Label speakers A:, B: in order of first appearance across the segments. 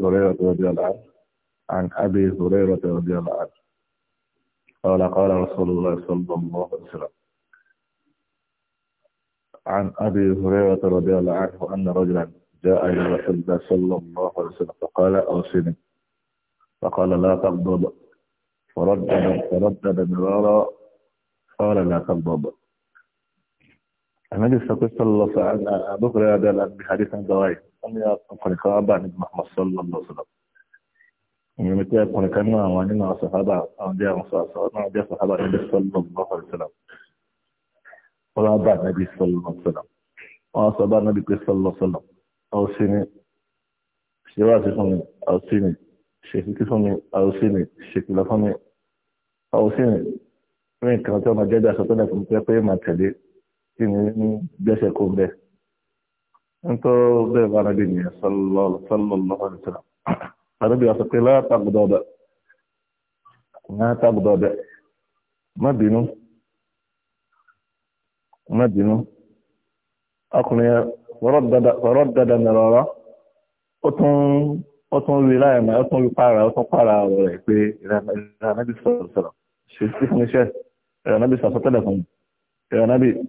A: هريرة رضي الله عنه عن أبي هريرة رضي الله عنه قال قال رسول الله صلى الله عليه وسلم عن أبي هريرة رضي الله عنه أن رجلا جاء إلى رسول الله صلى الله عليه وسلم فقال أوصني فقال لا تغضب فردد فردد مرارا قال لا تغضب النبي صلى الله عليه وسلم أبو هريرة رضي الله عنه بحديث ضعيف wọ́n ní ọkùnrin kan wá bá ní Muhammad sallallahu alaihi wasallam ìyẹn ni pé ọkùnrin kan náà àwọn nínú àwọn sàhábà àwọn jẹ́ àwọn sàhábà náà jẹ́ sàhábà níbi sallallahu alaihi wasallam wọ́n wá bá níbi sallallahu alaihi wasallam wọ́n wá sọ bá níbi pé sallallahu alaihi wasallam ọ̀sìn ni ṣe wá sí fún mi ọ̀sìn ni ṣe kíkí fún mi ọ̀sìn ni ṣe kìlọ̀ fún mi ọ̀sìn ni ní nǹkan tí ọmọ jẹ́jà sọ pé lẹ́kùn pé pé màtẹ̀lé kí ni gbẹ́sẹ̀ kó bẹ́ẹ̀ انتو ضيف على دنيا صلى الله صلى الله عليه وسلم النبي يقول لا تغضب لا تغضب ما بينه ما بينه أقنية فردد فردد مرارا أتون أتون ولاية أتون وقارة أتون قارة ولا يبي إلى النبي صلى الله عليه وسلم شو اسمه شيخ النبي صلى الله عليه وسلم النبي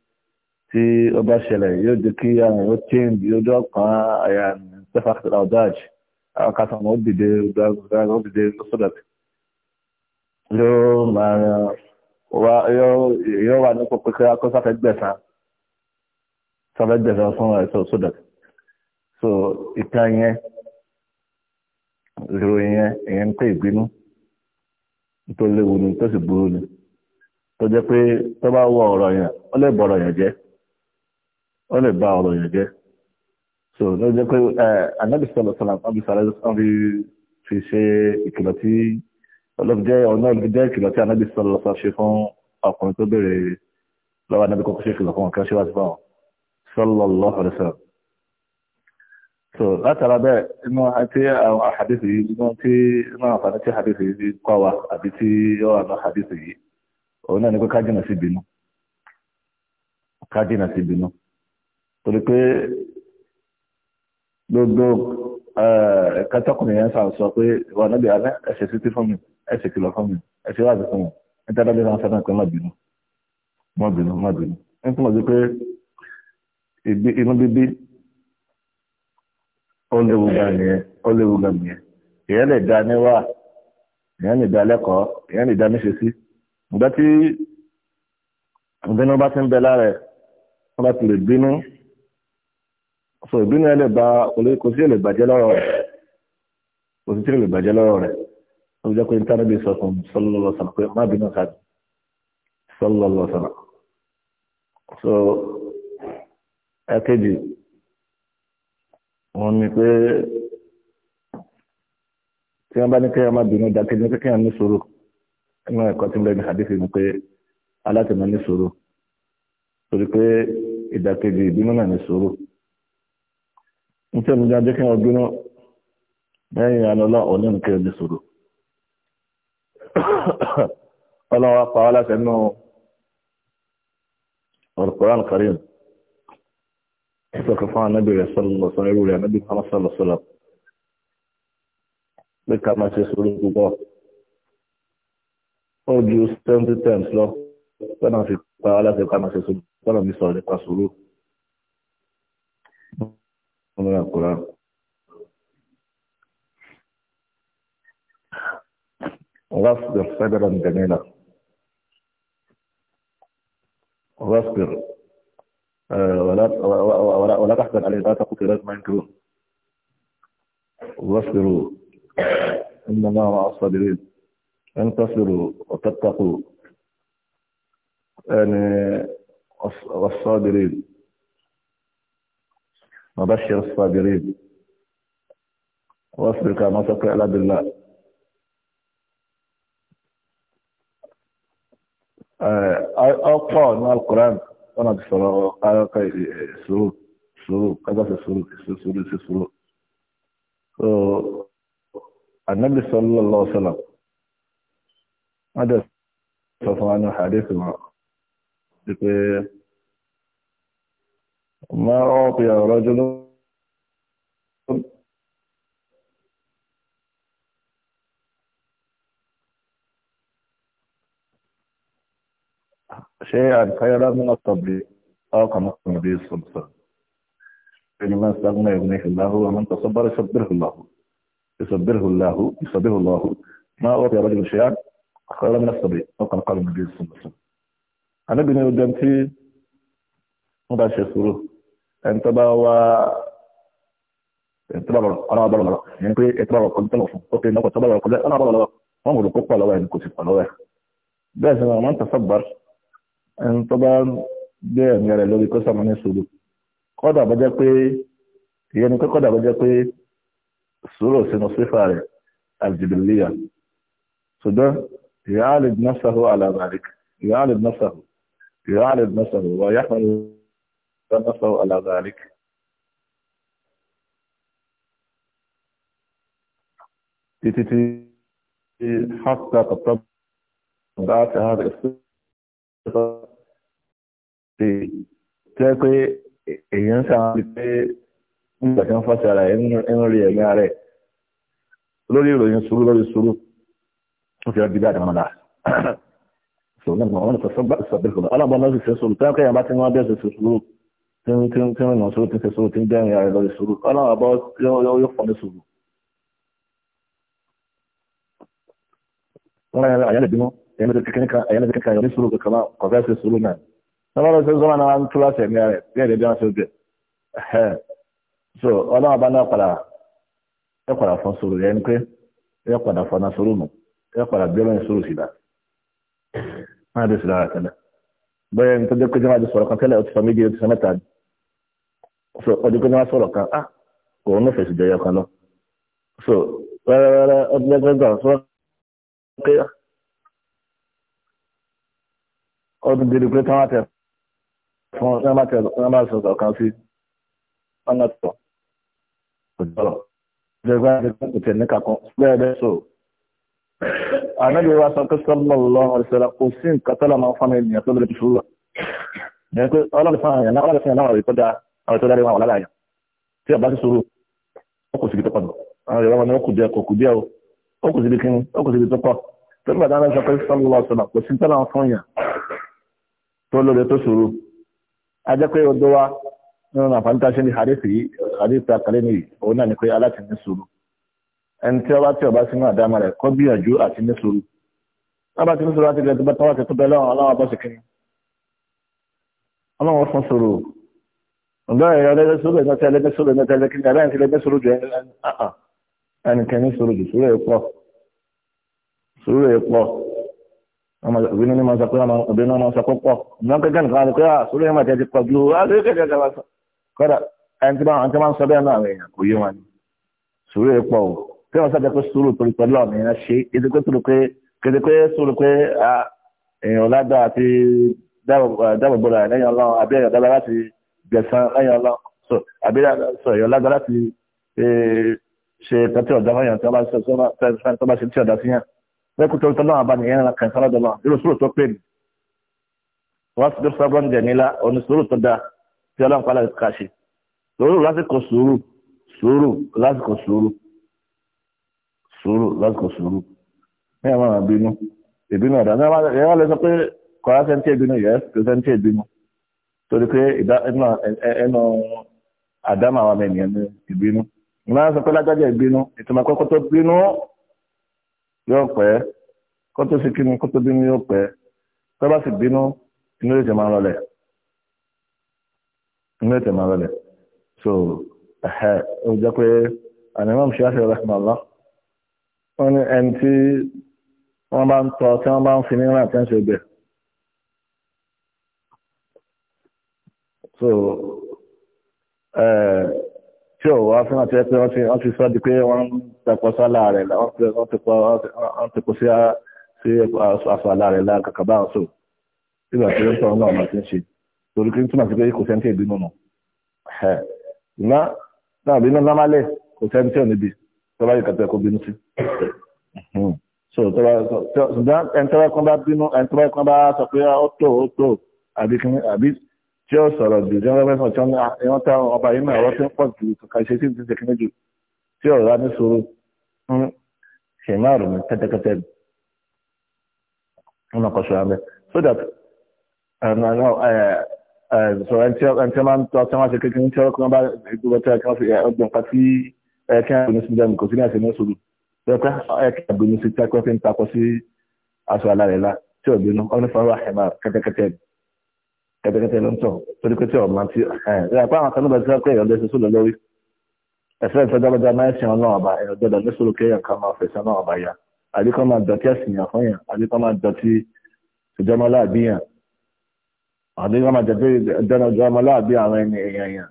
A: tí ó bá ṣẹlẹ̀ yóò di kí àwọn yóò change yóò jọ kan àyà sefax laudaj ó dìde ó dìde yóò máa wá yóò wà ní pípé kí akọ́ sáfẹ́ gbẹ̀sán sáfẹ́ gbẹ̀sán fún ẹ̀sọ́ so ìtàn yẹn yẹn ìyẹn ń ìbínú tó léwu ni tó sì burú ni tó ó lè ba ọ̀rọ̀ yẹn jẹ́ so ló jẹ́ pé anabi sọlọ sọlọ àbí sọlọ àbí fi ṣe ìkìlọ̀ tí ọlọ́fi jẹ́ ọ̀nà ọlọ́fi jẹ́ ìkìlọ̀ tí anabi sọlọ sọlọ ṣe fún ọkùnrin tó béèrè lọ́wọ́ anabi kọ́kọ́ ṣe ìkìlọ̀ fún ọ̀kẹ́ ṣe wá sí fáwọn sọlọ so látara bẹ́ẹ̀ inú àti àwọn àhàdìsì yìí inú tí inú àǹfààní tí àhàdìsì yìí kọ́ wa àbí tí ó wà ní àhàdìsì yìí òun náà ni pé ká jìnà sí ìbínú ká jìnà sí ìbínú torí pé gbogbo kátọ́kùnrin yẹn sàn sọ pé ìwọ náà bí i ẹsẹ̀ sí ti fún mi ẹsẹ̀ kìlọ̀ fún mi ẹsẹ̀ wà sí fún mi níta dábẹ́ náà sọ́nà pé má bínú má bínú má bínú ń túmọ̀ sí pé inú bíbí ó léwu gan nìyẹn ó léwu gan nìyẹn èèyàn lè da níwà èèyàn lè da lẹ́kọ̀ọ́ èèyàn lè da níṣe sí ìgbà tí ìbínú bá ti ń bẹ lára ẹ̀ wọ́n bá ti lè bínú so ìbínú ẹ lè ba kò sí èlè bàjẹ́ lọ́rọ̀ rẹ̀ kò sí tí èlè bàjẹ́ lọ́rọ̀ rẹ̀ ó jẹ́ pé nítorí bí sọ fún sọlọ́lọ́ sọ̀rọ̀ pé má bínú sáà sọlọ́lọ́ sọ̀rọ̀ so ẹ̀kejì wọn ni pé tí wọ́n bá ní kẹ́yà má bínú dá kejì ní kẹ́yà ní sòrò inú ẹ̀kọ́ tí ń bẹ ní àdéhùn ni pé alátìmọ́ ní sòrò torí pé ìdàkejì ìbínú náà ní sòrò nítorí mi jáde kí wọ́n gbóná lẹ́yìn alọ́lá ọ̀lẹ́ nìkẹ́ ẹ̀dẹ́ sọ̀rọ̀ ọlọ́run wa pa wá láti ẹnu ọ̀rọ̀kọ̀rán karim ìsọ̀kọ̀ fún anábì rẹ̀ sọ́lọ́sọ́ irú rẹ̀ anábì kan sọ́lọ́sọ́lọ́ pé ká máa ṣe sọ̀rọ̀ púpọ̀ ó ju seventy times lọ pé náà fi pa wá láti ká máa ṣe sọ̀rọ̀ pé náà mi sọ̀rọ̀ nípa sọ̀rọ̀ lórí àkùrá. واصبر صبرا جميلا واصبر آه، ولا ولا ولا تحزن عليه لا تقول لازم ينكرون واصبروا ان مع الصابرين ان تصبروا وتتقوا يعني والصابرين وبشر الصابرين واصبر كما تقرأ لا بالله أقوى من القرآن أنا بسرعة سرور سرور كذا في سرور سرور في سرور النبي صلى الله عليه وسلم هذا سوف أنا حديث مع ما أعطي رجل شيئا خيرا من الصبر أقام النبي صلى الله عليه وسلم استغنى يغنيه الله ومن تصبر يصبره الله يصبره الله يصبره الله ما أعطي رجل شيئا خيرا من الصبر أقام قال النبي صلى الله عليه وسلم أنا بني ودمتي في مضى ẹ̀ntọ́ bá wá ẹ̀ntọ́ bá bọ̀rọ̀ ọ̀nà ọ̀bọ̀rọ̀ lọ́wọ́ ẹ̀yìn pé ẹ̀tọ́ bá bọ̀rọ̀ kọjú tọ́lọ̀ fún ókè náà kọ̀tọ́ bá bọ̀rọ̀ kọjú ọ̀nà ọ̀bọ̀rọ̀ lọ́wọ́ wọn kò lè kópa lọ́wọ́ ẹni kò sì pọ̀ lọ́wọ́ ẹ̀ bẹ́ẹ̀ sì máa ń tasabar ẹ̀ntọ́ bá gbé ẹ̀mí rẹ̀ lórí kó sàmọ́ ní sùúrù kọ́dà bọ́jẹ́ pé ìyẹn ni pé kọ́dà bọ́jẹ́ pé sùúrù sínú sífà rẹ̀ aljibiliya ṣùgbọ́n ìyá alid nasahu alabarik ìyá alid nasahu ìyá alid nasahu wà yàtọ̀ فنصوا على ذلك تتتي حتى قد طبعت هذا الصفة tẹ́ pé èèyàn sáà rí pé nígbà tí wọ́n fà sára ẹ̀ ń rí ẹ̀mí ààrẹ lórí ìròyìn sùúrù lórí sùúrù ó fi ọdí bí àdàmọ́dà sọ̀rọ̀ náà wọ́n sọ sọ́gbà sọ̀bẹ̀kọ̀ ọlọ́gbọ́n náà sì fẹ́ sùúrù tẹ́ pé èèyàn bá ti wọ́n bẹ́ẹ̀ sọ̀rọ̀ tí ń tí ń tí ń nà sórí tí ń ṣe sórí tí ń dẹ́rìn ara lórí sùúrù ọlọ́run àbọ̀ yóò fọ́ ní sùúrù. wọ́n yára àyàn ìbímọ ẹ̀yàn ti kékeré kan àyàn kékeré kan yọ ní sùúrù kankan máa kọ̀ fẹ́ẹ́ ṣe sùúrù náà. sọ́wọ́n lọ́sẹ̀ sọ́wọ́n náà ń túra sẹ̀mí rẹ̀ bí ẹ̀dẹ̀ bí wọ́n ṣe bẹ̀. so ọlọ́run àbá náà padà ẹ padà fọ́ sùúrù yẹn ni pé ẹ padà fọ́ náà sùúrù nù ẹ padà bí ọlọ́run sùúrù sí dáa. bẹ́ẹ̀ ni tó dé pé jẹ́ máa di sọ̀rọ̀ kan tẹ́lẹ̀ ó ti sọ méjì ó ti sọ mẹ́ta ni so ọdún pé wọ́n sọ̀rọ̀ kan ah kò wọ́n fẹ̀sì jẹyọ kan lọ so rárá ọdún ẹgbẹ́gbà sọ pé ọdún dédé pé táwọn àtẹ fún wọn máa tẹ wọn máa sọ̀rọ̀ kan sí wọn náà tọ̀ kò jọrọ̀ ìjọba ìjọba kò tẹ̀ ní kankan bẹ́ẹ̀ bẹ́ẹ̀ so ànábi wa sọ pé sallallahu alaihi wasallam kò sí nǹkan tó lọ́mọ fún mi ènìyàn tó lè fi fúlọ̀ yẹn pé ọlọ́run fún àyàn náà ọlọ́run fún àyàn náà wà wípé dáa àwọn tó dárí wọn wà lára tí ọba ti tó àwọn ni tó pọ̀ tó nígbà dáná lọ kò sí tọ́lá fún yàn tó lóore tó a odò wa nínú àǹfààní tá a ṣe ní hadith yìí hadith àkàlẹ́ òun náà ni pé aláti ní ẹni ọba tí ọba àdámà kọ́ gbìyànjú ọba tí ní àti bá tó bẹ́ẹ̀ lọ́wọ́ ọlọ́wọ́ ọ̀dọ́ ẹ̀rọ ẹlẹ́gbẹ́sọ́rọ̀ ẹ̀mẹ́ta ẹlẹ́gbẹ́sọ́rọ̀ ẹ̀mẹ́ta ẹlẹ́gbẹ́sọ́rọ̀ jù ẹnìkẹ́ni sọ̀rọ̀ jù sọ̀rọ̀ ẹ̀pọ̀ sọ̀rọ̀ ẹ̀pọ̀ obìnrin ní ma sọ pé obìnrin náà sọ pé pọ̀ ọ̀dọ́ kẹ́kẹ́ nìkan ni pé sọ̀rọ̀ ẹ̀mọ̀ tẹ́ ti pọ̀ ju kọ́dà ẹni tí wọ́n máa ń sọ bẹ́ẹ̀ náà àwọn èèyàn kò yé wọn ni sọ̀rọ̀ ẹ̀pọ̀ o kí wọ́n sábẹ́ pé sọ̀rọ̀ pẹ̀lú pẹ̀lú àwọn èèyàn ṣe èdè pé sọ̀rọ̀ pé kéde pé sọ̀rọ̀ pé èèyàn ládàá àti dábòbò rẹ̀ lẹ́yìn ọlọ́run àbí èèyàn dábàá láti gẹ̀sán lẹ́yìn ọlọ́ so àbí sọ èèyàn lágbára láti eh, ṣe nǹkan tí ọ̀dà fáyàn tí wọ́n bá ṣe tí wọ́n bá ṣe tí ọ̀dà sí yàn lẹ́kùn tó ń tọ́lọ́ àbá nìyẹn ra kẹ̀sán lọ́dọ̀ náà irú sùúrù tó pè ní wọ́n ti sọ bọ́n jẹ̀ nílá òní sùúrù tó dáa tí ọlọ́run pàlà kà ṣe sùúrù lásìkò sùúrù sùúrù lásìkò sùúrù sùúrù lásìkò sùúrù ní àwọn àbínú ìbínú ọ̀dà ní wọ́n lè sọ pé kọ̀ọ̀rọ̀ sẹ́ńtì ìbínú yẹ sẹ́ńtì ìbínú torí pé ẹnu àdámà àwọn ọmọ ènìyàn ní ìbínú ìmọ̀ sọ pé lágbájá ìbínú ìtumọ̀ pé kó tó bínú yóò pẹ́ kó tó sí kínú kó tó bínú yóò pẹ́ tó bá sì bínú inú yóò máa rọlẹ̀ inú yóò máa rọlẹ̀ so ẹ̀hẹ́ ó jẹ́ pé àníwọ̀n ṣe àṣẹ rahmanlá wọ́n ní ẹni tí wọ́n bá ń tọ́ tí wọ́n bá ń fi ní ìrìn àtẹ́ńṣe bẹ́ẹ̀ so tí ò wá fún àti ẹgbẹ́ wọ́n ti sọ́ di pé wọ́n tẹpọ̀ sálà rẹ̀ wọ́n tẹpọ̀ sí àṣàlà rẹ̀ lákàkàbá ọ̀sọ̀ nígbà tí ó sọ̀rọ̀ náà ti ń ṣe torí kí n túmọ̀ sí pé kò sẹ́ńtì ìbínú nù ìná náà bínú lámálẹ̀ kò sẹ́ńtì ò níbi tó bá yìí kàtẹ́ kó bínú sí so ṣùgbọ́n ẹni tó bá kán bá bínú ẹni tó bá kán bá sọ pé ó tó ó tó àbí tí ó sọ̀rọ̀ jù tí tí wọ́n tá ọba yìí náà wọ́n ti ń pọ̀ jù kankan ṣe sí ti ṣe jù tí ó rà ní sòrò ń ṣe máa rò wọ́n kọ́ sọ̀rọ̀ abẹ́ so that um, uh, uh, so ẹni tí wọ́n máa ń tọ́ tí wọ́n ṣe kékeré tí wọ́n bá gbogbo tí wọ́n fi ọgbọ̀n pa tí ẹ̀kẹ́ àgbẹ̀ni sí dẹ́nu kò sí ní àṣẹ ní sòrò pẹ́pẹ́ ẹ̀kẹ́ àgbẹ̀ni sí tẹ́kọ́ fi ń takọ sí aṣọ alárẹ̀ tí ò kẹ́tẹ́kẹ́tẹ́ ló ń tọ̀ torí pé tí ọ̀ máa ti ẹ̀ pé àwọn kan níbẹ̀ tí wọ́n pé èèyàn lè ṣe sólò lórí ẹ̀fẹ́ ìfẹ́ dábàjá máa ń ṣe ọlọ́run ọba èèyàn gbọ́dọ̀ ní sólò kéèyàn kan máa fẹ̀sẹ̀ ọlọ́run ọba ya àdíkọ́ máa dọ̀tí ẹ̀sìn yàn fún yàn àdíkọ́ máa dọ̀tí ìjọmọláàbí yàn àdíkọ́ máa dọ̀tí ìjọmọláàbí àwọn ẹni èèyàn yàn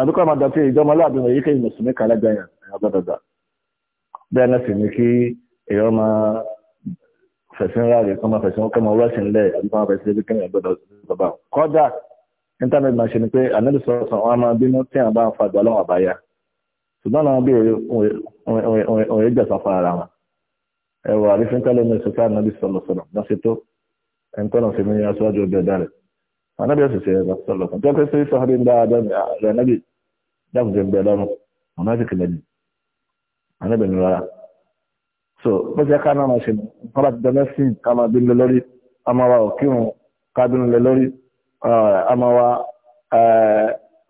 A: àdíkọ́ máa dọ̀tí ìjọmọláàbí wọn yíkéyìí mùsùlùmí kan lẹ́gbẹ̀ẹ́ yàn èèyàn gbọ́dọ̀ gbà bẹ́ẹ̀ náà sì ni kí èèyàn máa fẹ̀sìn ráàlì kọ́ máa fẹ̀sìn ọkọ̀ máa wẹ́sìn lẹ̀ àbí máa fẹ̀sìn ẹbí kẹ́yìn gbọ́dọ̀ bàbá kọ́dà íńtánẹ́ẹ̀tì máa ṣe ni pé ànábì sọ̀rọ̀ sọ̀rọ̀ wọn máa bínú tí àwọn bá ń fa ìgbà lọ́wọ́ àbáyá ṣùgbọ́n àwọn bí òye jẹ̀sán fún ara wọn ẹ̀wọ̀ àrífín tẹ́lẹ̀ ní ìṣẹ̀fẹ́ ànábì sọ̀rọ̀ sọ̀rọ̀ lọ́sẹ̀ tó ẹ̀ńtọ́nà sí ní aṣáájú ọjọ́ ẹ̀dá rẹ̀ ànábì ọ̀sẹ̀ ṣe ẹ̀rọ sọ̀rọ̀ sọ̀rọ̀ jẹ́ pé sí sọ́hárì ń dáadáa ní ànábì dákùnjẹ́ ń bẹ lọ́rùn ọ̀nà àti kìlẹ̀ ní ànábì ní rárá so bó ṣe ká náà máa ṣe wọn bá ti dáná sí ká máa bínú lórí a máa wa òkírun ká bínú lé lórí a máa wa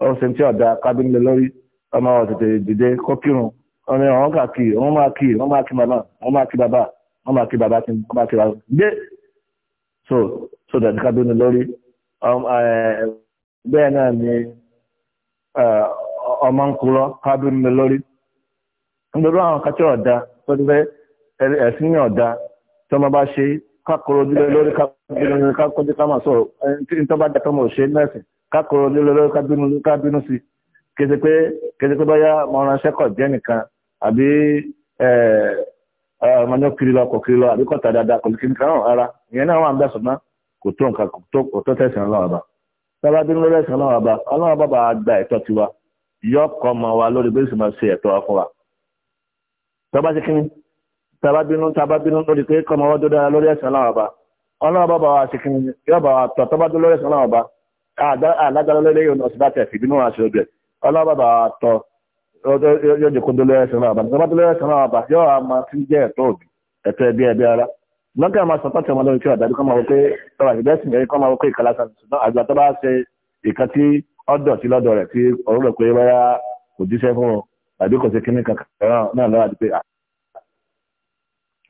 A: ọ̀sẹ̀ tí ọ̀dà ká bínú lé lórí a máa wa tètè dìde kó kírun ọ̀nà ìwọ̀n kà kí wọ́n máa kí wọ́n máa kí màmá wọ́n máa kí bàbá wọ́n máa kí bàbá tí wọ́n máa kí bàbá gbé so so that ká bínú lórí um, bẹ́ẹ̀ náà ni ọmọ ń kúrọ́ ká bínú lórí nítorí àwọn kàtí ọ̀dà tó ti fẹ́ ẹ̀sìn ní ọ̀dá tí wọ́n bá ṣe kákòrò dílé lórí kákòrò ká máa sọ̀rọ̀ ẹni tó bá jẹ́ tó mọ̀ ṣe lẹ́sìn kákòrò dílé lórí kábínú sí kéde pé kéde pé báyá mọ̀ ránṣẹ́ kọ̀ jẹ́ nìkan àbí ọmọ ní kiri lọ kò kiri lọ àbí kọ̀tà dáadáa kò kiri kan náà rárá ìyẹn náà wà ń bẹ̀sùn náà kò tó nǹkan kò tó tẹ̀sán náà bá tábà lórí ẹ̀sán náà tàbábínú tàbábínú lórí pé kọmọ ọwọ́ dúdá lórí ẹ̀sìn aláwọ̀bá ọlọ́wọ́ bá wà síkín yọba tọ̀ tọ́bá dúdá lórí ẹ̀sìn aláwọ̀bá alágbára lórí yóò nọ̀sí láti ẹ̀fì bínú àṣẹ obìnrin ọlọ́wọ́ bá wà tọ̀ yóò jẹ́ kó dúdá lórí ẹ̀sìn aláwọ̀bá tọ́bá dúdá lórí ẹ̀sìn aláwọ̀bá yóò wà máa ti jẹ́ ẹ̀tọ́ òbí ẹ̀tọ́ ẹbí ẹbí ara lọ́kẹ́ máa sọ̀tọ́ tẹ̀mọ́ lórí kí ọ̀dà bí kọ́mọ wípé ọ̀rọ̀ àti bẹ́sìn yẹn kọ́mọ wípé ìkàlà sàn ṣùgbọ́n àgbà tó bá ṣe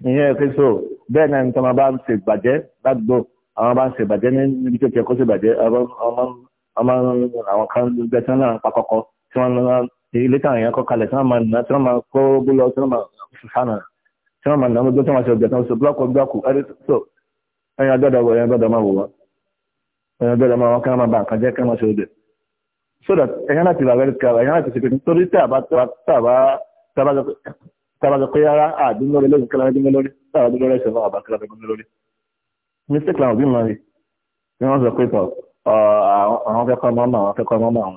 A: ìyẹn ẹ̀kẹ́ so bẹ́ẹ̀ náà nítorí wọn bá ń ṣe ìbàjẹ́ ládùúgbò àwọn bá ń ṣe ìbàjẹ́ níbi tó kẹ́kọ̀ọ́ ṣe ìbàjẹ́ àwọn kan bẹ́ẹ̀ tí wọ́n náà pa kọ́kọ́ tí wọ́n náà ilé táwọn èèyàn kọ́ kalẹ̀ tí wọ́n máa nà tí wọ́n máa kó búlọ̀ tí wọ́n máa sànà tí wọ́n máa nà gbogbo tí wọ́n ṣe ìbàjẹ́ tí wọ́n ṣe búlọ́ọ̀kù búlọ́ọ̀kù ẹ̀rí so ẹ̀yin agbẹ́dọ̀ wọ̀ ẹ̀yin agbẹ́dọ̀ máa wò wọ́n ẹ̀yin agbẹ́dọ̀ máa wọ́n kí wọ́n máa ba nǹkan jẹ́ kí wọ́n ṣe òde so that ẹ̀yin láti rà rẹ̀ kí wọ́n ẹ̀yin láti ṣe pé nítorí tàbá tàbá tàbá tàbí pé ara àdúgbò lórí kílára dúgbò lórí tàbí àdúgbò rẹ̀ ṣẹ̀fọ́ àbá kílára dúgbò lórí. mistake làwọn òbí mọ̀ rí ni wọ́n sọ pé tọ̀ àwọn akẹ́kọ̀ọ́ mọ́mọ́ àwọn akẹ́kọ̀ọ́ mọ́mọ́ àwọn.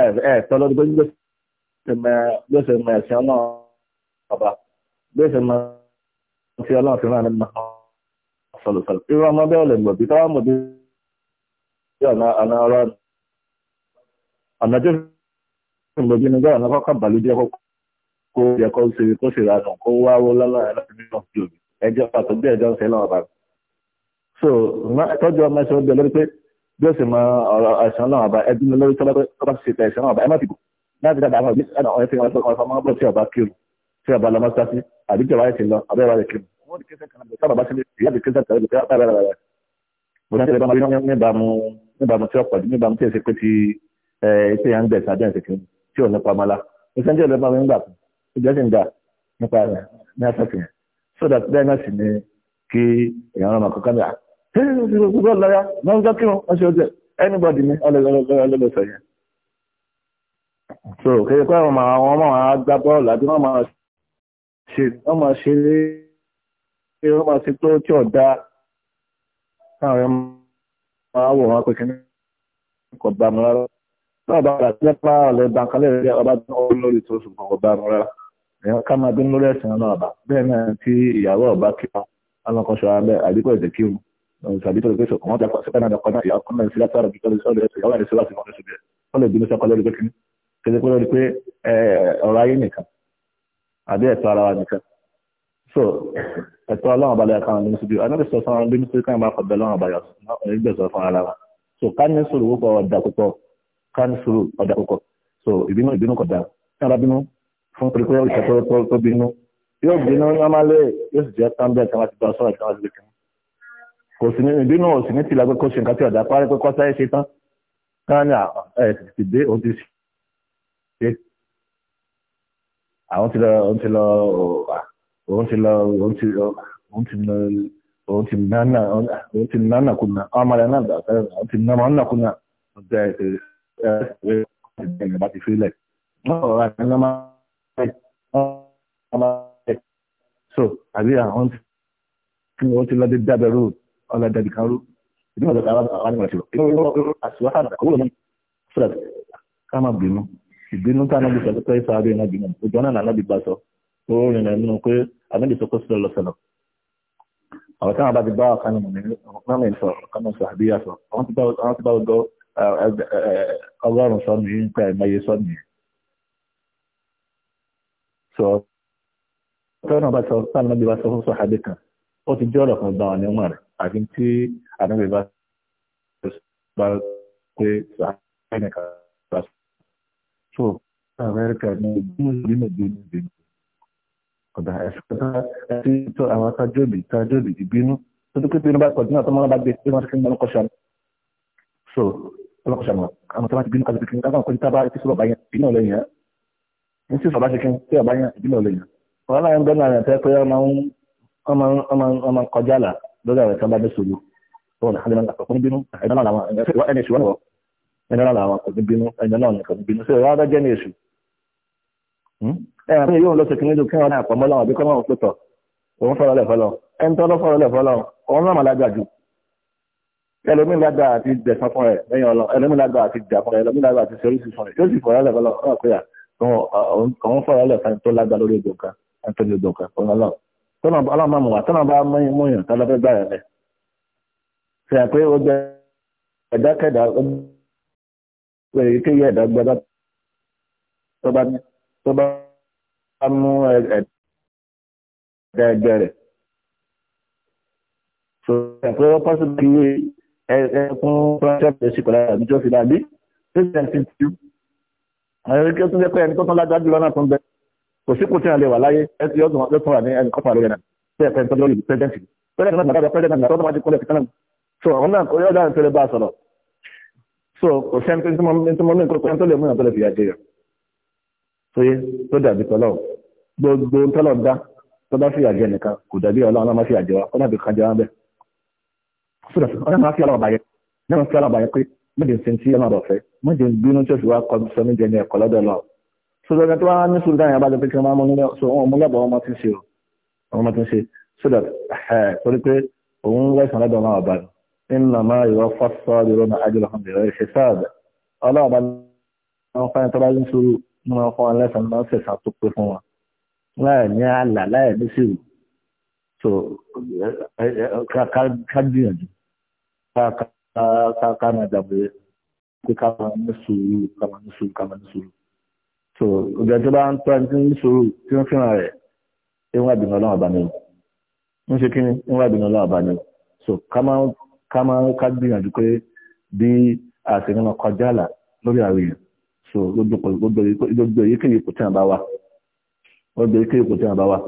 A: ẹ ẹ tọ́ lọ́dún pé bí ó ṣe mọ ẹ̀sìn ọlọ́run ọba bí ó ṣe mọ ẹ̀sìn ọlọ́run fi rán ẹ̀mọ́ sọ̀lọ̀sọ̀lọ̀. irú ọmọ bẹ́ẹ̀ lè mọ̀ bí táwọn mọ̀ bí ọ̀nà ọ̀nà ọ̀nà tó fi mọ̀ bí nígbà ọ̀nà kọ́kọ́ bàlújẹ́ kọ́kọ́ kó yẹ kó ṣe kó ṣe ìlànà kó wá wó lọ́lọ́run láti nínú ọ̀sẹ̀ òbí ẹjọ́ pàtó bí ẹjọ́ ń ṣe náà bá mi. so tọ́jú ọmọ ẹ̀sìn ọdún lórí pé bí ó sì mọ ọ̀rọ̀ ẹ̀sìn náà bá ẹbí mi lórí tọ́lá ṣe tẹ̀ ẹ̀sìn náà bá ẹ má ti bò láti dáadáa àwọn ìbí ẹ̀nà ọ̀rẹ́ tí wọ́n fọ́ ọmọ ọgbọ́n tí ọba kírun tí ọba lọ mọ́sáàsì àbí tí ọba yẹn ti lọ ọbẹ̀ ìwà rẹ̀ kírun. wọ́n ti kẹ́sẹ̀ kan náà bẹ̀rẹ̀ bá sílé ìyá ti kẹ́sẹ̀ kan náà bẹ̀rẹ̀ bá bẹ̀rẹ̀ bẹ̀rẹ̀. mo dájú ẹ̀rọ máa níbàámu níbàámu tí ọ̀pọ̀ níbàámu tí èsì pé ti ẹ̀ ṣe à ń bẹ̀ sàdé ẹ̀sìn kí tí ò ní pamọ́lá. ìṣẹ́ńjẹ́ ìlú ẹ̀ máa ń gbà fún ìjọsìn gbà nípa rẹ̀ ní àtàkì yẹn so that bẹ́ẹ̀ náà sì ni kí èèyàn ọmọ kọ̀ọ̀kan bẹ̀ ṣé gbogbo ọ̀lára náà ń gbá kírun wọ́n ṣe ọjọ́ anybody ní ọlọ́lọ́sọ yẹn so kéde pé àwọn ọmọ àgbà bọ́ọ̀lù àti wọ́n máa ṣe wọ́n máa ṣe é wọ́n máa ṣe tó tí ọ̀dá káwọn máa wọ̀ wọn pé kíní kò bá mu rárá náà bá rà sí ẹ̀pá ọ̀lẹ́ bàǹkálẹ̀ rẹ̀ ọba tó ń lórí tó ṣùgbọ́n kò bá mu rárá ká máa bínú lórí ẹ̀sìn náà ọba bẹ́ẹ̀ náà tí ìyàwó ọba kí wọn alọ́kọ̀ṣọ́ abẹ́ àdíkò ẹ̀jẹ̀ kí wọn tàbí tó lè pèsè ọkọ̀ wọn tàbí pàṣẹ pẹ́ẹ́nà àdàkọ́ náà ìyàwó kọ́nà ìsílá sára ju tọ́lẹ̀ sọ́lẹ̀ ẹ̀sìn ìyàwó àdìsí láti mọ́tò síbẹ̀ ó lè bínú sọ́kọ́ lórí pé kíní kéde pé so ẹ̀tọ́ ọlọ́run ọba lẹ́yìn káwọn bínú síbi anábì sọ fún bínú sí káwọn bá fọ bẹ́ẹ̀ lọ́run ọba yọ fún ara wa so ká ní sùúrù púpọ̀ ọ̀dà púpọ̀ ká ní sùúrù ọ̀dà púpọ̀ so ìbínú ìbínú kọ̀dà tí wọn bá bínú fún pẹ̀lú ìṣẹ́ tó bínú yóò bínú lámálẹ̀ yóò sì jẹ́ tánbẹ̀ tí wọ́n ti bá sọ́rọ̀ tí wọ́n ti kàn kò sí ní ìbínú ò sí ní tìlà pé kó ṣe nǹkan tí ọ̀dà parí pé kọ́sá ẹ̀ ṣe tán káàní ẹ̀ ti dé òun ti ṣe àwọn ti lọ òun ti lọ òun ti lọ òun ti lọ òun ti lọ òun ti nánà òun ti nánà kùnà ọmọ rẹ̀ náà dàgbà òun ti nánà òun náà kùnà ọ̀dà ẹ̀ ẹ̀ ẹ̀ ẹ̀ ẹ̀ bá ti fi lẹ̀ náà ọ̀rọ̀ àti ẹ̀ náà máa so àbí àwọn tí wọ́n ti lọ́dẹ dábẹ̀ rú ọ̀la dàbí kan rú ìdí wọn lọ́dẹ àwọn àníwọ̀n ti lọ. àṣìwá hàn àkọ́wọ́ lọ́mọ fúlẹ̀ ká má bínú ìbínú tá anábì sọ pé sáré iná bínú ìjọ náà anábì bá sọ ó rìn rẹ̀ nínú pé anábì sọ pé sílẹ̀ lọ́sọ̀lọ̀. àwọn táwọn bá ti bá ọ̀kan nínú mọ́mọ́ ìsọ̀ ọ̀kan sọ àbí yà sọ àwọn ti bá ọgọ́rùn-ún sọ nìyí nípa ìmọ̀ye sọ nìyí sọ tọ́nà bá sọ sáà náà bí bá kan ó ti jẹ́ ọ̀rọ̀ kan gbọ́n ní ọmọ rẹ̀ àti tí àdúgbò bá bá pé sọ̀hábẹ́ nìkan so amẹ́ríkà ní ìgbìmọ̀ ìgbìmọ̀ ìgbìmọ̀ ìgbìmọ̀ ọ̀dà ẹ̀sìn tí tó àwọn tájọ́bì tájọ́bì ti bínú tó tó pépé inú bá kọ̀ọ̀dún náà tó máa bá gbé pé wọ́n ti fi ń gbọ́n kọ́ṣà so ọlọ́kọ̀ṣà mọ̀ àwọn tó bá ti bínú kálukú ní tí ìfàbá ṣe kí n tí ọba yẹn ìbílẹ̀ olè yẹn wọn náà ń gbọ́dọ̀ àyàn tẹ́ pé ọmọ ń kọjá là lórí àwọn ìtàn bá dé sòlù wọn àti náà kò ní bínú ẹ̀dá náà làwọn ẹni èṣù wọn ẹ̀dá náà làwọn kò ní bínú ẹ̀dá náà kò ní bínú sí ìwádọ́ jẹ́ ní èṣù. Hmm? ẹ àti yóò lọ sí kìnìún kí wọn náà pọ̀ mọ́lá wọn àbí kọ́ máa pé tọ̀ òun fọ̀rọ̀ lẹ̀ fọlọ́ ẹni tọ́ lágbà àti dẹ̀sán fún rẹ̀ lẹ́yìn ọlọ́ ẹlòmíì lágbà àti dẹ̀ fún rẹ̀ ẹlòmíì lágbà àti sẹ́rí sí fún yóò sì fọ̀rọ̀ lẹ̀ fọlọ́ ọ̀pẹ̀yà àwọn fọ̀rọ̀ lẹ̀ fún tó lágbá lórí ìgbò kan àtọ́jú ìgbò kan fún ọlọ́run tọ́nà ọlọ́mọ wà tọ́nà bá mọ̀yàn tá lọ́fẹ́ gbàrẹ̀ rẹ̀ ṣe àpé ó jẹ ẹ̀dákẹ́dá ó bẹ̀rẹ̀ kí yẹ ẹ̀dá gbọ́dọ̀ tó bá tó bá mú ẹ̀dá ẹgbẹ́ rẹ̀ ṣe àpé ó pọ́sibú kí ẹ ẹ fún fúnṣẹ́ pẹ̀lú ṣìkọ̀lá àbí tó fi dàbí tó ti àwọn ẹgbẹ́ tó ń jẹ́ pé ẹni tó tán lágbájú lọ́nà tó ń bẹ kò sí kò tí a lè wà láyé ẹtì ọdún ọdún tó wà ní ẹnì kọ́pà lóye náà tó ẹ̀pẹ́ tó lórí pẹ́ẹ́dẹ́ǹtì pẹ́ẹ́dẹ́ǹtì náà nàgbàdà pẹ́ẹ́dẹ́ǹtì náà tọ́jú wájú kọ́lẹ̀ kíkan náà so àwọn náà kò yọ̀dá ìfẹ́ lè bá a sọ̀rọ̀ so kò sí ẹni tó mọ ní nǹkan tó lè mú ìyàtọ̀ lè fi àjẹ yọ so yé tó dàbí tọ́lọ̀ gbogbo tọ́lọ̀ dá tó bá fi àjẹ nìkan kò dàbí ọlọ́run náà má fi àjẹ wa ọlọ́run náà fi kan jẹ wa bẹ́ẹ̀ méje sí tí ọlọ́run ọ̀fẹ́ méje bínú tí ó fi wá kọ́ sọ méje ní ẹ̀kọ́ lọ́dọ̀ lọ. sọdọ̀ ẹni tó wá ní sùúrù dáhùn abájọ pé kí wọ́n máa mú nílẹ̀ so wọn mú lẹ́bọ̀ ọmọ tí ń ṣe o ọmọ tí ń ṣe so that ẹ̀ torí pé òun wẹ̀sán lọ́dọ̀ ọmọ ọba ni nínú ọmọ ìwọ fọ́sọ́ ìrọ̀ náà ajọ́ lọ́kàn bẹ̀rẹ̀ ká ká máa dàbòrè pé ká máa ní sùúrù ká máa ní sùúrù ká máa ní sùúrù so ọ̀gá tó bá ń tọ́ ẹni tí ń ní sùúrù tí ń fihàn rẹ̀ ń wá ìbìnà ọlọ́run àbáni o ń ṣe kíni ń wá ìbìnà ọlọ́run àbáni o so ká máa ká máa ká gbìyànjú pé bí àṣeyàn náà kọjá àlà lórí àwọn èèyàn so gbogbo èyíkéyìí kò tí wọn bá wà gbogbo èyíkéyìí kò tí wọn bá wà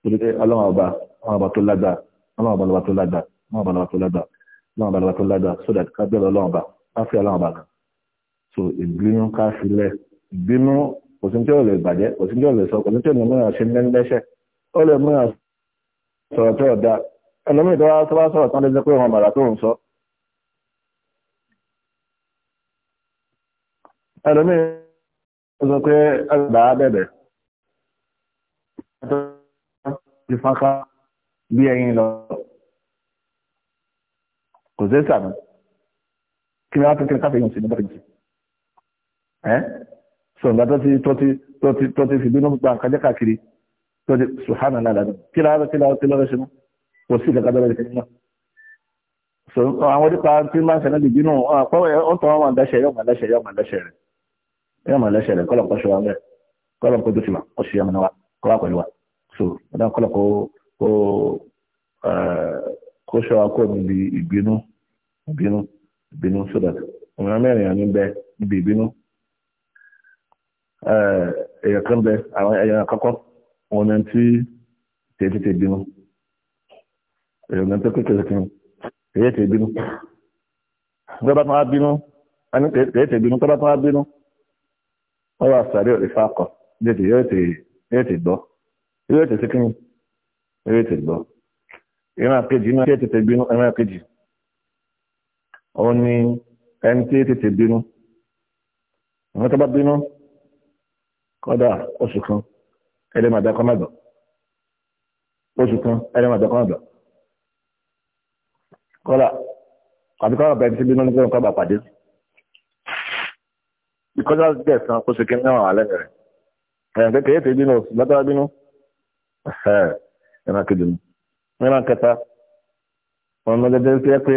A: torí pé ọlọ́run ọba ọlọ́run ọba tó lágbà ọlọ́run ọba tó lágbà ọlọ́run ọba tó lágbà lọ́wọ́n bá lọ́wọ́ tó lágbà so that ká bẹ̀rẹ̀ lọ́wọ́n bá ká fi ọlọ́wọ́n bá kan so ìbínú ká filẹ̀ ìbínú kò sí ní tí ó lè bàjẹ́ kò sí ní tí ó lè sọ kò sí ní tí ó lè múra ṣe lẹ́ńdẹ́ṣẹ̀ ó lè múra sọ̀rọ̀ tó ọ̀dà ẹlòmíì tó bá sọ̀rọ̀ tán lẹ́sẹ̀ pé wọn bàrà tó ń sọ ẹlòmíì sọ pé àgbà bẹ̀bẹ̀ ti fọ́nká bí ẹyin lọ kò sí sàmù kí ni wọ́n á tún kí ni káfíń hein sí ní bọ́ọ̀dì ẹ́ sọ nígbà tó ti tó ti tó ti tó ti fi bínú gba nǹkan jẹ́ káàkiri tó ti sùhánà náà lánàá kí lára kí lára kí lára ṣe mú kò sí ìkàkà bẹ́ẹ̀ lẹ́sẹ̀ náà so àwọn onípa tí máa ń sẹ́nà lè bínú ọ̀tọ̀ wọn máa dáṣẹ̀ yóò máa dáṣẹ̀ yóò máa dáṣẹ̀ rẹ̀ yóò máa dáṣẹ̀ rẹ̀ kọ́lọ̀ kọ́ ṣe wa mẹ́rẹ̀ kọ́lọ̀ kó tó ti mà ó ṣe yàmùnà wa kọ́ wà pẹ̀lú wa so ọ̀dà kọ́lọ̀ kó kó wa kó níbi ìbínú ìbínú ìbínú so that ọmọ mẹ́rin àmì ń bẹ ibi ìbínú èèyàn kan bẹ àwọn èèyàn àkọ́kọ́ wọn náà tí tètè bínú èèyàn náà tó kékeré kan èyí tè bínú bí wọ́n bá tún wá bínú ẹni tèyí tè bínú tó bá tún wá bínú wọ́n wá sàrí òrìfà kọ̀ dédé yóò tè yóò tè gbọ́ yóò tè sí kí ni yóò tè gbọ́ ìran kejì náà tètè bínú ìran kejì òun ni ẹni tí tètè bínú àwọn tó bá bínú kọ́dà oṣù kan ẹlẹ́ màdá kọ́ màdọ̀ oṣù kan ẹlẹ́ màdá kọ́ màdọ̀ kọ́dà àbíkọ́ àbẹ̀ tí bínú nígbà kọ́ bà pàdé ìkọ́jà bẹ̀ san oṣù kí ní àwọn alẹ́ rẹ̀ ẹ̀yàn kékeré tètè bínú oṣù látara bínú ẹ̀hẹ́ ẹ̀ràn kejì ní ẹ̀ràn kẹta ọ̀nà gẹ́gẹ́ sí ẹ pé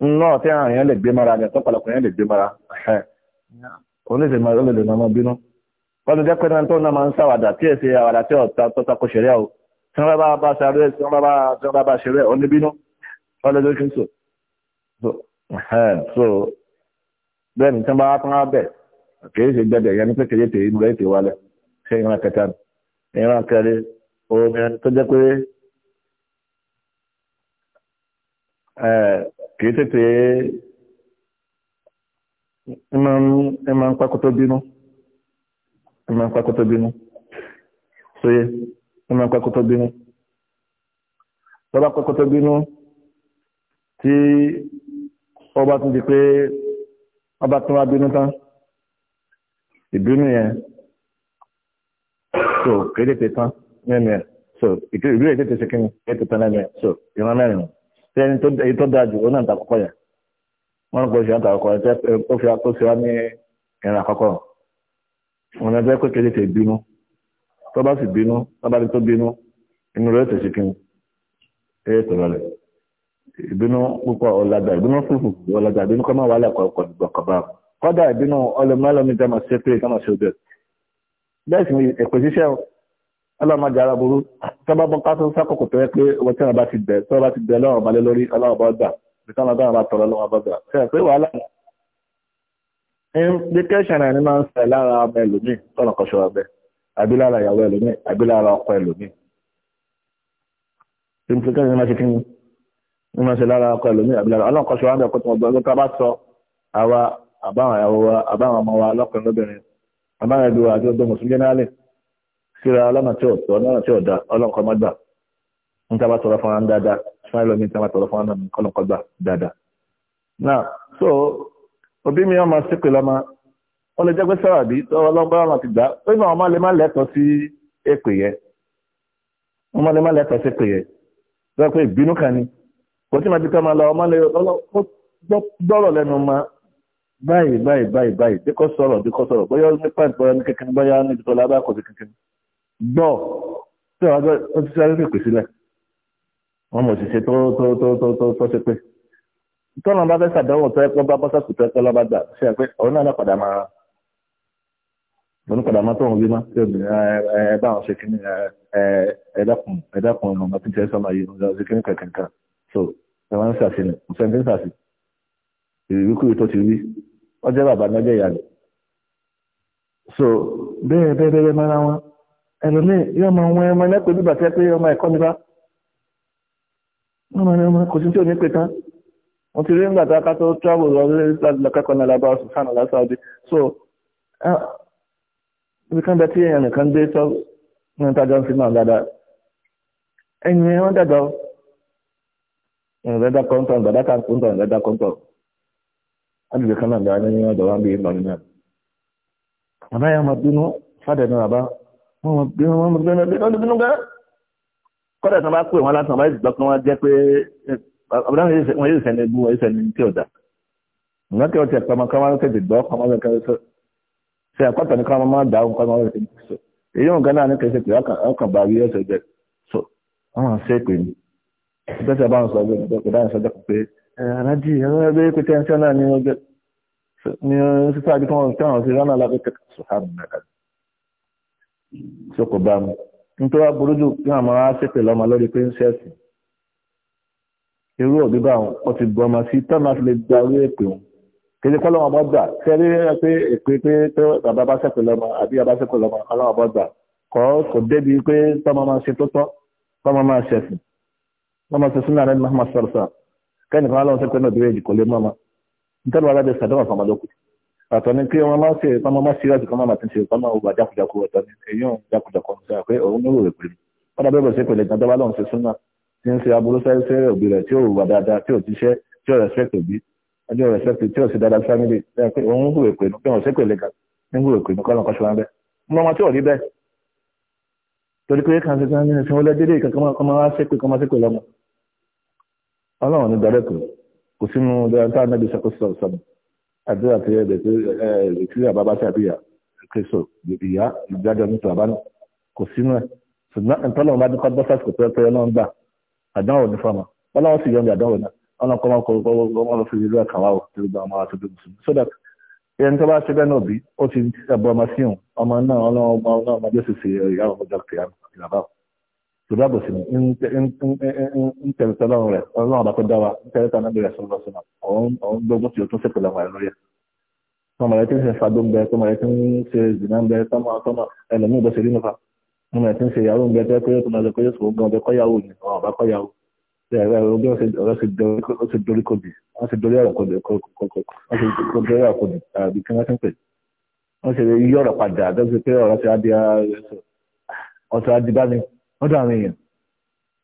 A: náà tí àwọn èèyàn lè gbé mara ní ọ̀tọ́pọ̀lọpọ̀ èèyàn lè gbé mara oníṣẹ́ mara lè lọ́nà ọmọ bínú wọ́n ti jẹ́ pé náà tó náà máa ń ṣàwàdà tí èsì àwàdà tí ọ̀tá tó tako ṣẹ̀rẹ́ o tí wọ́n bá bá ṣàrẹ́ tí wọ́n bá tí wọ́n bá bá ṣẹ̀rẹ́ ó ní bínú wọ́n lè lóṣù sọ so bẹ́ẹ̀ ni tí wọ́n bá wá fún kìí ṣe gbẹ̀dẹ̀ yẹn ní pé kìí tèyí mú lẹ́yìn wálẹ̀ ṣé ìran kẹta ìran kẹrin omi tó jẹ́ pé kìí tètè ẹ máa ń pákótó bínú ẹ máa ń pákótó bínú sóyè ẹ máa ń pákótó bínú lọ́ba pákótó bínú tí ọba tún di pé ọba tún wá bínú tán ìbínú yẹn so kìí tètè tán lẹ́nu ẹ̀ so ìbínú yẹn tètè ṣe kí ni kìí tètè tán lẹ́nu ẹ̀ so ìran mẹ́rin ṣé ẹni tó dáa jù ó náà ta kọ́kọ́ yẹn wọ́n ń kọ́ ṣe àtàwọn ọkọ̀ ẹ̀ tó fi wá ní ìrìn àkọ́kọ́ wọn lẹ́gbẹ́ pé kéde tè bínú tó bá sì bínú tó bá tó bínú inú rẹ̀ tèṣe kí ẹ tó rọlẹ̀ ìbínú púpọ̀ ọ̀làgbà ìbínú fúfú ọ̀làgbà ìbínú kọ́ máa wà lẹ́kọ̀ọ́ ọkọ̀ ìgbọ̀kọ̀ bá kọ́dà ìbínú ọlọmọlọmí dámà ṣe pé dámà ṣe bẹ́ẹ̀ bẹ́ẹ̀ sì ẹ̀pẹ̀ ṣiṣẹ́ ọlọ́mọ jara burú tọ́ba bọ́ ká tún sákòkò tó yẹ pé owó tí wọn bá ti bẹ̀ tọ́ba ti bẹ̀ lọ́wọ́ balẹ̀ lórí ọlọ́wọ́ bá gbà bíkọ́ ọmọ bá tọrọ lọ́wọ́ bá gbà ṣe pé wàhálà implication ẹni máa ń sẹ lára ọmọ ẹlòmíì tọ́nà kan ṣọra bẹ́ẹ̀ àbí lára ìyàwó ẹlòmíì àbí lára ọkọ ẹlòmíì implication ẹni máa ṣe kí ni máa ṣe lára ọkọ ẹlòmíì àbí lára ọlọ́run kan ṣọra bẹ́ẹ̀ síra ọlọ́nà tí ọ̀tọ̀ ọlọ́nà tí ọ̀dá ọlọ́nkọ má gbà ń tábà tọrọ fún wa ń dáadáa fún ẹlòmí ń tábà tọrọ fún wa náà ń kọ́lọ́nkọ gbà dáadáa. náà so òbí mi ọmọ sípè lọ́mọ ó lè jẹ́ pé sára bí tọrọ ọlọ́gbọ́n ọ̀nà ti gbà ó ní ọmọ lè má lẹ́tọ̀ọ́ sí èpè yẹ ọmọ lè má lẹ́tọ̀ọ́ sí èpè yẹ lọ́wọ́ pé ìbínú kan ni kò tí ma ti tọ́ lọ ọmọ lè gbọ́rọ̀ lẹ́nu ma báyìí báyìí báyìí báyìí bí sọ̀rọ̀ bí sọ̀rọ̀ bóyá ní pàǹtí bóyá ní kékeré bóyá ní ìdíkọ̀ lábá kò kékeré gbọ́ tí wọ́n ti sáré pèpè sílẹ̀ wọ́n mọ̀ ṣiṣẹ́ tó tó tó tó tó tó ṣe pé tọ́nà bá fẹ́ sàdánwò tó ẹ̀kọ́ bá bọ́sàkù tó ẹ̀kọ́ lọ́ba gbà ṣe pé òun náà máa òun padà máa tóun bí má ṣe kíní ọ̀nà yìí ọ̀nà ṣe kíní kankan so ẹ máa ń ṣàṣìlẹ̀ ẹlòmíì yóò máa wọn ẹmọ ẹlẹ́pẹ́ bí bàtẹ́ pé ọmọ ẹ̀kọ́ nípa wọ́n máa ní ọmọ kò sí tí ò ní pè tán wọ́n ti rí nígbà tá a ká tó travel lọ sí láti lọ kẹ́kọ̀ọ́ náà lábá ọ̀sùn sánà lásáàdì so ibi kan bẹ tí èèyàn nìkan dé tọ́ ní ìtajà ń fi náà dáadáa ẹ̀yìn ẹ̀ wọ́n dàgbà ìrẹ̀dá kọ́ńtọ̀n bàdá kan kọ́ńtọ̀n ìrẹ̀dá kọ́ńtọ̀n agbègbè kan náà dáa ní ọ̀dọ̀ wọn bí ìlọrin náà bàbá yẹn máa bínú fàdé náà wọ́n mọ̀ bí wọ́n mọ̀ bí wọ́n bínú gan kọ́dà tán bá pè wọ́n látàn báyìí gbọ́ kan wọ́n jẹ́ pé ọ̀bùdáhùn wọn yóò sẹ́ni egún wọn yóò sẹ́ni tí ọ̀dà ìgbọ́n kí wọ́n ti pamọ́ kí wọ́n tètè gbọ́ pamọ́ bẹ́ẹ̀ kẹ́rẹ́ sọ ṣe àkọ́tọ̀ ní kí wọ́n máa dà ó nǹkan wọn tètè sọ èyí wọn gánà ní kẹsẹ̀ pé ọkàn tí kò bá mu nítorí wá burú jù kí àwọn ará ṣèpè lọ́mọ lórí píńsẹ́ẹ̀sì irú òbí bá wọn ó ti bu ọmọ sí tọ́nà fi lè gba orí èpè wọn kéde kọ́ lọ́wọ́ bọ́gbà tí ẹni pé èpè pé tó bàbá bá ṣèpè lọ́mọ àbí bàbá ṣèpè lọ́mọ ọlọ́wọ́ bọ́gbà kọ́ kò débi pé tọ́mọ máa ṣe tó tọ́ tọ́mọ máa ṣẹ̀sìn tọ́mọ ṣe súnà rẹ̀ Muhammad sọ̀rọ̀ sọ̀rọ̀ kẹ́nìkan lọ́wọ́ ṣèpè náà dúró èjì kò mọ́ ọmọ àtọ́ni pé wọ́n máa ń ṣe ìpamọ́ máa ṣe láti kan máa ti ṣe ìpamọ́ ọgbà jákujàku ọ̀tọ́ni èyí òun jákujàku ọ̀hún sáà pé òun ní òwúrẹ̀ pẹ̀lú wọ́n dábẹ́ bọ̀ sí pẹ̀lẹ́ gan dábàá lọ́hùn ṣe súnà tí ń ṣe aburú sẹ́rẹ̀ òbí rẹ̀ tí ò wà dáadáa tí ò jíṣẹ́ tí ò respect òbí tí ò respect tí ò sì dáadáa family pé òun ń hùwẹ̀ pẹ̀lú pé òun ṣe pẹ̀lẹ́ gan ń hùwẹ̀ pẹ̀lú kọ́ àdúrà tó yẹ bẹ̀ tó ìkírí àbábá tàbí kristo ìyá ìdájọ́ nítorí àbá kò sínú ẹ̀ ṣùgbọ́n ìtọ́lọ́wọ́n bá dúkọ́ bọ́sà kò tẹ́ tẹ́lẹ́ náà ń gbà àdánwò ní fọmọ ọlọ́wọ́n sì yọ̀ǹda àdánwò náà ọlọ́kọ́ máa kọ́ ọmọ fi ìlú ẹ̀ka wa ò tó gba ọmọ àti ojú mùsùlùmí so that ẹni tó bá ṣe bẹ́ẹ̀ náà bí ó ti ẹ̀bọ ọmọ sí òun ọmọ náà ọlọ́wọ́n ọmọ náà ọmọdé sì ṣe ìyá ọmọdé ṣùgbọ́n bò sí ń tẹ̀lé tọ́lọ́run rẹ̀ ọlọ́run bá tó dá wa ń tẹ̀lé tọ́lọ́run rẹ̀ sọ́lọ́ sọ́nà ọ̀hún gbógun tí o tún ṣèpè lọ́wọ́ ẹ̀ lórí ẹ̀. tọ́mọ rẹ̀ ti ń ṣe fàdó ń bẹ tọ́mọ rẹ̀ ti ń ṣe zìnà ń bẹ tọ́mọ tọ́mọ ẹlòmíì bó ṣe rí nufa tọ́mọ rẹ̀ ti ń ṣe ìyàwó ń bẹ tẹ́ pé tọ́mọ rẹ̀ pé yóò sọ̀rọ̀ gan ọbẹ̀ kọ́yàwó ni ọ̀rọ̀ bá kọ́yàwó ó sì dorí kodì wọ́n sì dorí ọ̀rọ̀ kodì àbí kí wọ́n ti ń pè wọ́n sì yí ọ̀rọ̀ padà àdọ́sí pé ọ̀rọ̀ ti á di ọ̀tọ̀ àdìbá mi lọ́dọ̀ àwọn èèyàn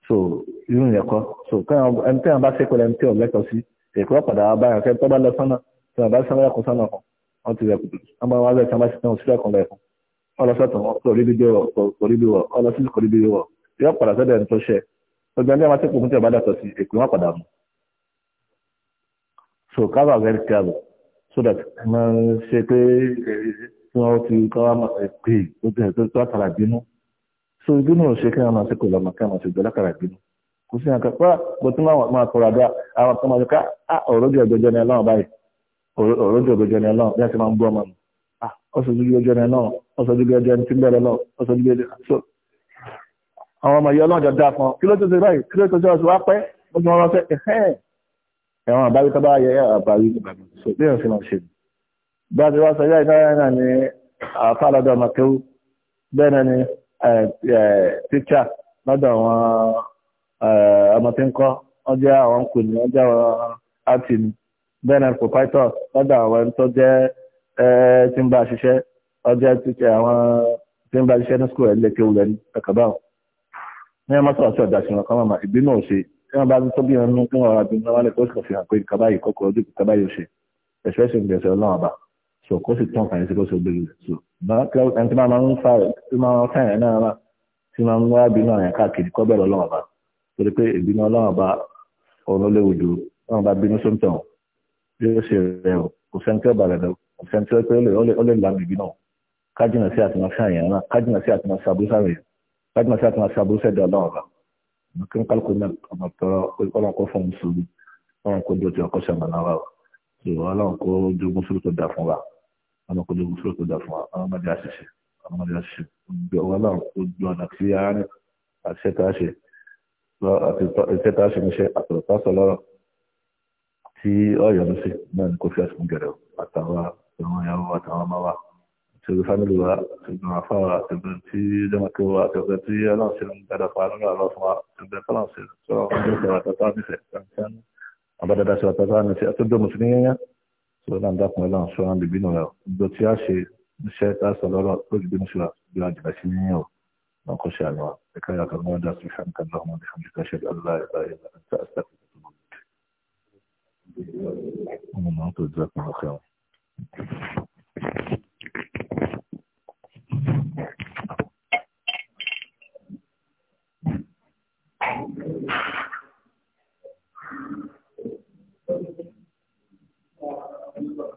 A: so irú ìyẹ̀kọ́ so ẹni tí wọ́n bá ṣe pẹ̀lú ẹni tí wọ́n lẹ́tọ̀ọ́ sí èkó padà wá báyọ̀ kẹ́ tó bá lọ sọ́nà tí wọ́n bá sọ́nà ẹ̀kọ́ sọ́nà kan wọ́n ti rẹ̀kùn wọ́n bá wọ́n lẹ́tọ̀ọ́ bá sì tán sílẹ̀ kan lẹ́kùn wọ́n lọ sọ́tọ̀ wọn kò rí bí wọ̀ kò rí bí wọ̀ wọ́n lọ sí kò rí bí wọ̀ yọ padà sọ́dọ̀ ẹni tó ṣẹ gbogbo ẹni wọ́n ti kùn tí wọ́n bá dàtọ̀ sí èkó wọn padà mú so kábà very careful so that ẹ máa ń ṣe pé tí wọ́n ti kọ́ wá pé tó tàrà bínú so ìbínú ò ṣe kí wọn máa ṣe kò lọ́mọ kí wọn máa ṣe gbọ́ lákàrà ìbínú kò sí àkàkọ́ pé bó tí wọn máa tọrọ àdúrà àwọn kan máa ṣe ká ọ̀rọ̀ jù ọ̀gbẹ́jọ ni ọlọ́run báyìí ọ̀rọ̀ jù ọ̀gbẹ́jọ ni ọlọ́run bí wọ́n ti máa ń bú ọmọ nù ọ̀sọ̀ ojú ọjọ́ ni ọlọ́run ọ̀sọ̀ ojú ọjọ́ ni tí ń bẹ̀rẹ̀ lọ ọ̀sọ̀ ojú ọjọ́ so àwọn ọmọ ìyá ọlọ́run jọ dáa fún ọ kí ló tó ṣe báyìí kí ló tó ṣe ọ̀sùn wá pẹ́ ó ti wọn rọ sẹ́ ẹ̀hẹ́n ẹ̀wọ̀n àbáwí tó bá yẹ àbáwí ní bàbá so bí tíṣà lọ́dọ̀ àwọn ọmọ tí ń kọ́ wọ́n jẹ́ àwọn ń wọ́n jẹ́ àwọn lọ́dọ̀ àwọn tó jẹ́ tí ń bá a ṣiṣẹ́ tíṣà àwọn tí ń bá a ṣiṣẹ́ ní skul ẹ̀ ní sọ̀rọ̀ sí ọ̀dà sí wọn kọ́mọ̀mọ̀ ìbínú òṣè tí wọ́n bá ń tó bí wọn kí wọ́n rà bí wọn wálé kó so kó sì tán fàyẹn sí kó sì gbé rẹ̀ so bákan ẹni tí máa ń fa tí máa ń fẹ̀yìn náà wà tí máa ń wá bínú àyàn káàkiri kọ́ bẹ̀rẹ̀ ọlọ́run ọba torí pé ìbínú ọlọ́run ọba ọ̀run léwu ju ọlọ́run ọba bínú sóńtàn yóò ṣe rẹ̀ o kò sẹ́ni tí ó bàrẹ̀ lọ kò sẹ́ni tí ó pé ó lè làm ìbínú kájìnà sí àti máa fẹ̀yìn náà kájìnà sí àti máa ṣàbúrúṣà rẹ̀ kájìnà sí àti máa ṣàbúrúṣà ẹ̀dọ̀ ọlọ́run ọba kí n kálukú náà ọmọ tọrọ ọlọ́run kó fún un sùúrù ọlọ́run kó dúró ti ọkọ̀ ṣàmùlá wa o ọlọ́run kó jogún sùúrù tó dáa fún wa ọmọkùnrin ogun fúlọ̀ tó dà fún àwọn ọmọdé àṣìṣe àwọn ọmọdé àṣìṣe gbé ọwọ́ náà ojú ọ̀nà tí a rìn àṣìṣe tá a ṣe àti iṣẹ́ tá a ṣe níṣẹ́ àtọ̀rọ̀ tá a sọ lọ́rọ̀ tí ọ̀yọ́ ló ṣe náà ni kò fi àṣìkò gẹ̀rẹ̀ àtàwọn àwọn ìyàwó àtàwọn ọmọ wa ṣèlú fámìlì wa ṣèlú àfa wa ṣèlú tí dẹ́mọ̀tì wa ṣèlú tí ọlọ́ọ̀ṣẹ́ ń dada fún alọ́nà àlọ́ wa ṣèlú tọ́lọ́ọ̀ṣẹ́ sọ́ọ́ wa tọ́tọ́ nífẹ̀ẹ́ àbádọ́dá ṣe wa tọ́tọ́ nífẹ̀ẹ́ àtọ́jọ́ mùsùlùmí yẹn sọ náà dákun ọlọ́run sọ náà bíbí náà gbọ́ tí a ṣe iṣẹ́ tá a sọ lọ́rọ̀ tó ti bínú síra bí a jìnà sí yíyan o náà kó ṣe àlọ́ ẹ̀ka yàtọ̀ náà dá sí ṣàǹkà náà wọn ní ṣàǹkà ṣe aláì báyìí náà Thank you. and look.